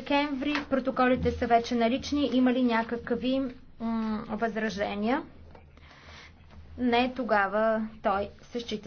декември. Протоколите са вече налични. Има ли някакви възражения? Не, тогава той се счита.